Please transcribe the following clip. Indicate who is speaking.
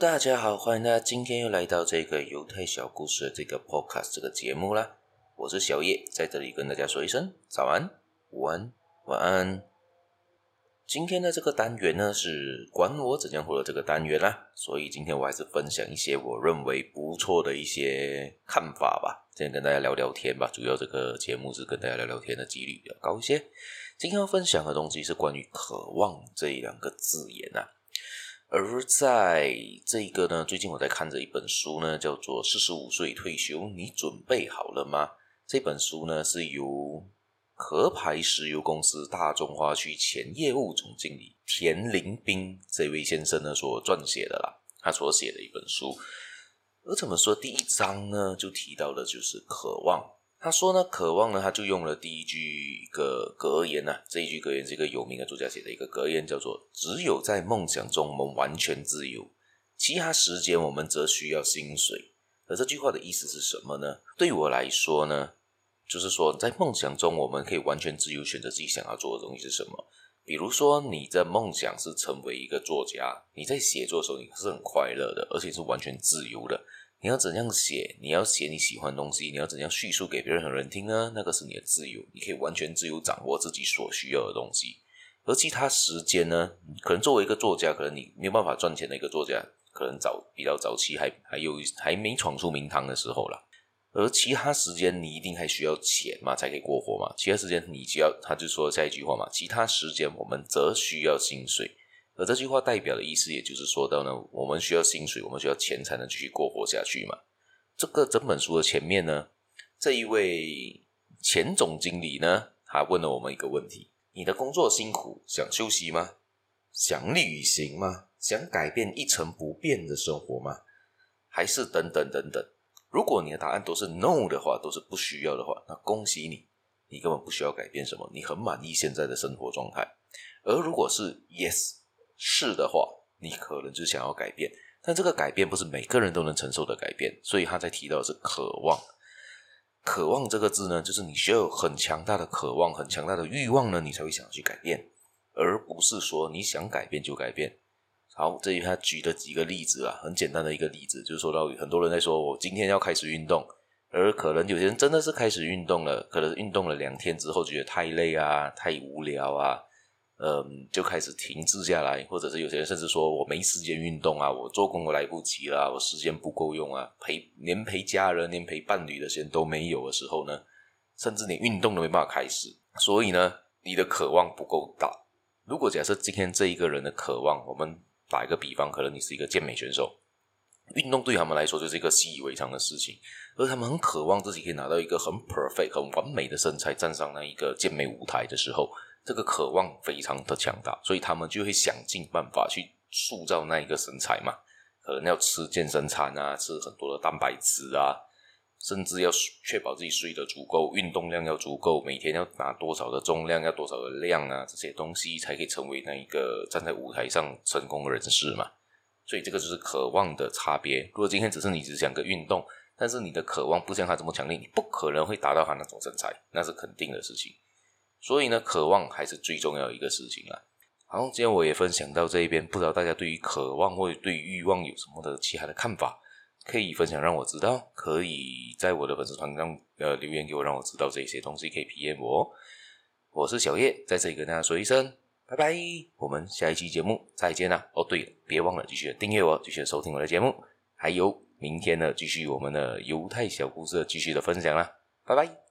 Speaker 1: 大家好，歡迎大家今天又來到這個猶太小故事的這個 podcast 這個節目啦。我是小葉，在這裡跟大家說一聲早安、午安、晚安。今天的這個單元呢是“管我怎樣活”的這個單元啦，所以今天我還是分享一些我認為不錯的一些看法吧。今天跟大家聊聊天吧，主要這個節目是跟大家聊聊天的幾率比較高一些。今天要分享的東西是關於“渴望”這兩個字眼啊。而在這個呢，最近我在看着一本書呢，叫做《四十五歲退休，你準備好了嗎》。這本書呢，是由殼牌石油公司大中華區前業務總經理田林斌這位先生呢所撰寫的啦，他所寫的一本書。而怎麼說？第一章呢就提到了，就是渴望。他說呢，渴望呢，他就用了第一句一個格言吶、啊，這一句格言是一個有名的作家寫的一個格言，叫做“只有在夢想中我們完全自由，其他時間我們則需要薪水”。而這句話的意思是什麼呢？對我來說呢，就是說在夢想中，我們可以完全自由選擇自己想要做的東西是什麼。比如說，你的夢想是成為一個作家，你在寫作的時候你是很快樂的，而且是完全自由的。你要怎樣寫？你要寫你喜歡的東西，你要怎樣敘述給別人和人聽呢？那個是你的自由，你可以完全自由掌握自己所需要的東西。而其他時間呢？可能作為一個作家，可能你沒有辦法賺錢的一個作家，可能早比較早期還還有還，還沒闖出名堂的時候了。而其他時間，你一定還需要錢嘛，才可以過活嘛。其他時間你只要，他就說下一句話嘛。其他時間我們則需要薪水。而這句話代表的意思，也就是說到呢，我們需要薪水，我們需要錢才能繼續過活下去嘛。這個整本書的前面呢，這一位前總經理呢，他問了我們一個問題：你的工作辛苦，想休息嗎？想旅行嗎？想改變一成不變的生活嗎？還是等等等等？如果你的答案都是 “no” 的話，都是不需要的話，那恭喜你，你根本不需要改變什麼，你很滿意現在的生活狀態。而如果是 “yes”。是的話，你可能就想要改變，但這個改變不是每個人都能承受的改變，所以他才提到的是渴望。渴望這個字呢，就是你需要有很強大的渴望、很強大的欲望呢，你才會想要去改變，而不是說你想改變就改變。好，這裡他舉了幾個例子啊，很簡單的一個例子，就是說到很多人在說我今天要開始運動，而可能有些人真的是開始運動了，可能運動了兩天之後覺得太累啊，太無聊啊。嗯，就開始停滯下來，或者是有些人甚至說我沒時間運動啊，我做工都來不及了啊，我時間不夠用啊，陪連陪家人、連陪伴侶的時間都沒有的時候呢，甚至你運動都沒辦法開始。所以呢，你的渴望不夠大。如果假設今天這一個人的渴望，我們打一個比方，可能你是一個健美選手，運動對於他們來說就是一個習以為常的事情，而他們很渴望自己可以拿到一個很 perfect、很完美的身材，站上那一個健美舞台的時候。這個渴望非常的強大，所以他們就會想盡辦法去塑造那一個身材嘛，可能要吃健身餐啊，吃很多的蛋白質啊，甚至要確保自己睡得足夠，運動量要足夠，每天要拿多少的重量，要多少的量啊，這些東西才可以成為那一個站在舞台上成功的人士嘛。所以這個就是渴望的差別。如果今天只是你只想個運動，但是你的渴望不像他這麼強烈，你不可能會達到他那種身材，那是肯定的事情。所以呢，渴望還是最重要的一個事情啊。好，今天我也分享到這一邊，不知道大家對於渴望或者對於慾望有什麼的其他的看法，可以分享讓我知道，可以在我的粉絲團上呃留言給我，讓我知道這些東西，可以 PM 我哦。我是小葉，在這裡跟大家說一聲，拜拜。我們下一期節目再見啦。哦對了，別忘了繼續訂閱我，繼續收聽我的節目。還有明天呢，繼續我們的猶太小故事繼續的分享啦。拜拜。